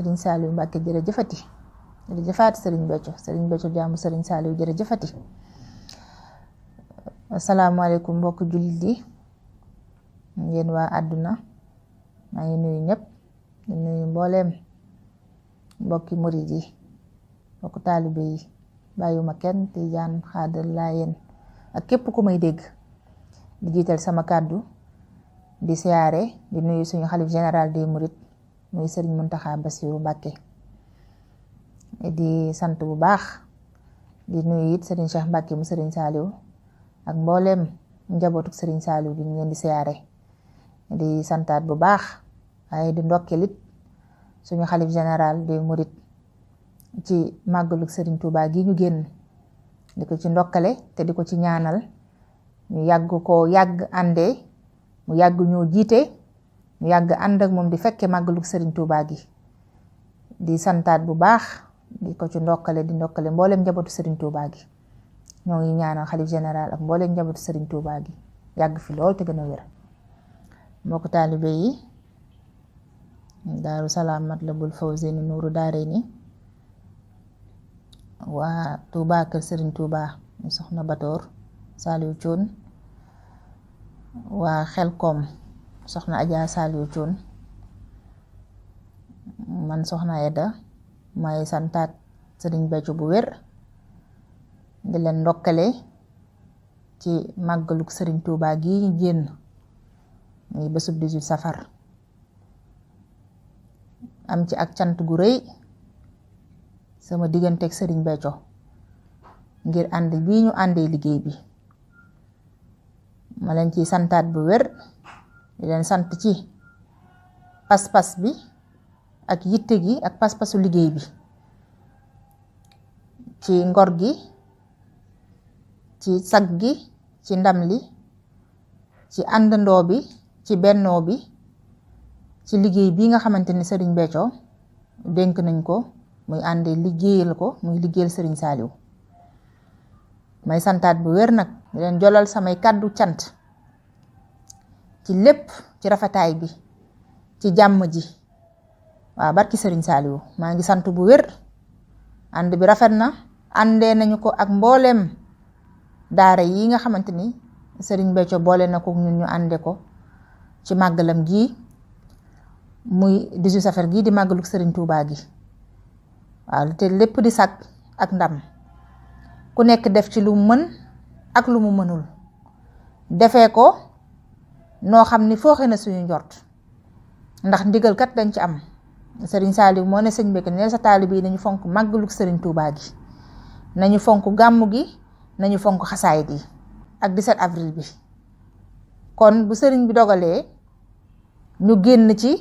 Serigne Saliou Mbacke jërëjëfati jërëjëfaati Serigne Béthio Serigne Béthio jaamu Serigne Saliou jërëjëfati asalaamaaleykum mbokk jullit yi ngeen waa àdduna maa ngi nuyu mbooleem mbokki murid yi mbokk taalibe yi bàyyiwuma kenn tijaan xaadal laayeen ak képp ku may dégg di jiital sama kàddu di siyaare di nuyu suñu xalif général des mourides muy sëriñ Muntaxa Basiru Mbàkke di sant bu baax di nuyu it sëriñ Cheikh Mbàkke mu sëriñ Saaliw ak mbooleem njabootuk sëriñ Saaliw bi ñu leen di siyaare di santaat bu baax waaye di ndokkeel it suñu xalif général des Mourides ci màggaluk sëriñ Tuubaa gi ñu génn di ko ci ndokkale te di ko ci ñaanal ñu yàgg ko yàgg àndee mu yàgg ñoo jiite yàgg ànd ak moom di fekke màggalu Serigne Touba gi di santaat bu baax di ko ci ndokkale di ndokkale mboolem njabootu Serigne Touba gi ñoo ngi ñaanal xalif général ak mboolem njabootu Serigne yàgg fi lool te gën a wér. mbokk taalibe yi Daaru Salaam Matlabul Fawzeyni Nuuru Daarayni waa Touba kër sëriñ Touba mu soxna Batoor Saliou Thioune waa Xelkom. soxna Adja Saliou Thioune man soxna Aida may santaat sëriñ Béthio bu wér di leen ndokkale ci màggaluk sëriñ Touba gi génn muy bésub 18 safar am ci ak cant gu rëy sama digganteek sëriñ Béthio ngir ànd bii ñu àndee liggéey bi ma leen ciy santaat bu wér di leen sant ci pas-pas bi ak yitte gi ak pas-pasu liggéey bi ci ngor gi ci sag gi ci ndam li ci àndandoo bi ci bennoo bi ci liggéey bi nga xamante ni sëriñ Béthio dénk nañ ko muy ànd liggéeyal ko muy liggéeyal sëriñ Saliou may santaat bu wér nag di leen jolal samay kàddu cant ci lépp ci rafetaay bi ci jàmm ji waaw barki sëriñ Saaliwu maa ngi sant bu wér ànd bi rafet na àndee nañu ko ak mbooleem daara yi nga xamante ni sëriñ Béthio boole na ko ñun ñu ànde ko ci màggalam gi muy 18 safar gii di màggaluk sëriñ tuubaa gi waaw te lépp di sàkk ak ndam ku nekk def ci lu mën ak lu mu mënul defee ko noo xam ni fooxe na suñu njort ndax ndigal kat dañ ci am sëriñ Saaliw moo ne sëñ Mbacke ne sa taalib yi nañu fonk màggalug sëriñ Touba gi nañu fonk gàmm gi nañu fonk xasaayit yi ak 17 avril bi kon bu sëriñ bi dogalee ñu génn ci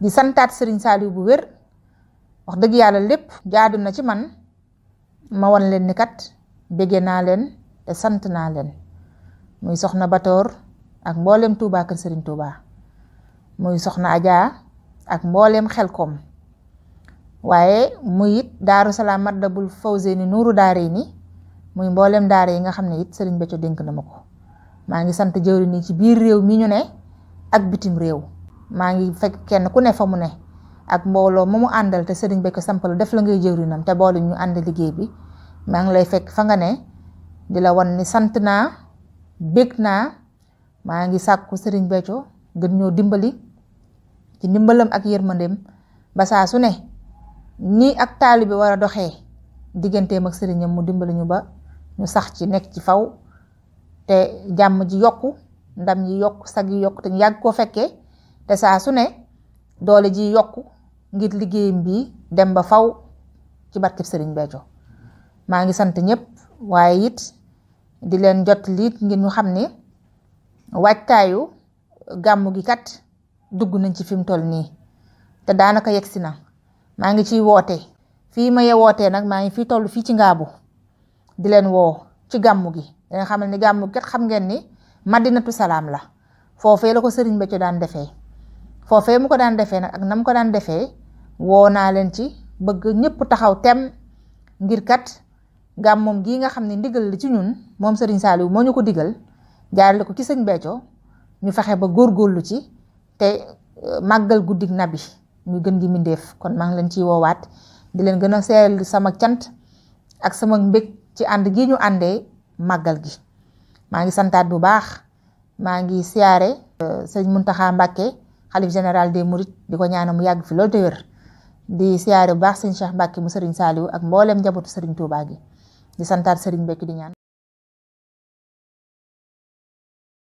di santaat sëriñ Saaliw bu wér wax dëgg yàlla lépp jaadu na ci man ma wan leen ni kat béggee naa leen te sant naa leen muy soxna Batoor ak mbooleem Touba Kër Serigne Touba muy Soxna Adja ak mbooleem xel Xelkom waaye muy it Daaru Salaam Matlaboul ni Nuuru yi Daarayni muy mbooleem daara yi nga xam ne it Serigne Béthio dénk na ma ko maa ngi sant jëwri nii ci biir réew mi ñu ne ak bitim réew maa ngi fekk kenn ku ne fa mu ne ak mbooloo ma mu àndal te Serigne Béthio sampal def la ngay jëwrinam te boole ñu ànd liggéey bi maa ngi lay fekk fa nga ne di la wan ni sant naa bég naa maa ngi sàkku sëriñ Béthio gën ñoo dimbali ci ndimbalam ak yërmandeem ba saa su ne nii ak taalibe war a doxee digganteem ak sëriñam mu dimbali ñu ba ñu sax ci nekk ci faw te jàmm ji yokk ndam yi yokk sag yi yokk te ñu yàgg koo fekkee te saa su ne doole ji yokku ngir liggéeyam bi dem ba faw ci barkeb sëriñ Béthio maa ngi sant ñëpp waaye it di leen jot liit ngir ñu xam ni waajtaayu gàmmu gi kat dugg nañ ci fi mu toll nii te daanaka yegsi na maa ngi ciy woote fii ma ye wootee nag maa ngi fi toll fii ci ngaabu di leen woo ci gàmmu gi danga xamal ni kat xam ngeen ni madinatu salaam la foofee la ko sëriñ ci daan defee foofee mu ko daan defee nag ak na mu ko daan defee woo naa leen ci bëgg ñëpp taxaw tem ngir kat gàmmoom gii nga xam ne ndigal la ci ñun moom sëriñ Saliou moo ñu ko digal jaarale ko ci sëñ Béthio ñu fexe ba góor góorlu ci te euh, màggal guddik nabi ñu gën gi mindeef kon maa ngi leen ciy woowaat di leen gën a seeyal sama cant ak sama mbég ci ànd gi ñu àndee màggal gi maa ngi santaat bu baax maa ngi siyaare euh, sëñ Muntaxa Mbàkke xalif général des Mourides di ko ñaanal mu yàgg fi loolu te wér di siyaare bu baax sëñ Cheikh Mbàkke mu sëriñ Saaliw ak mboolem njabootu sëriñ Tuubaa gi di santaat sëriñ mbekki di ñaan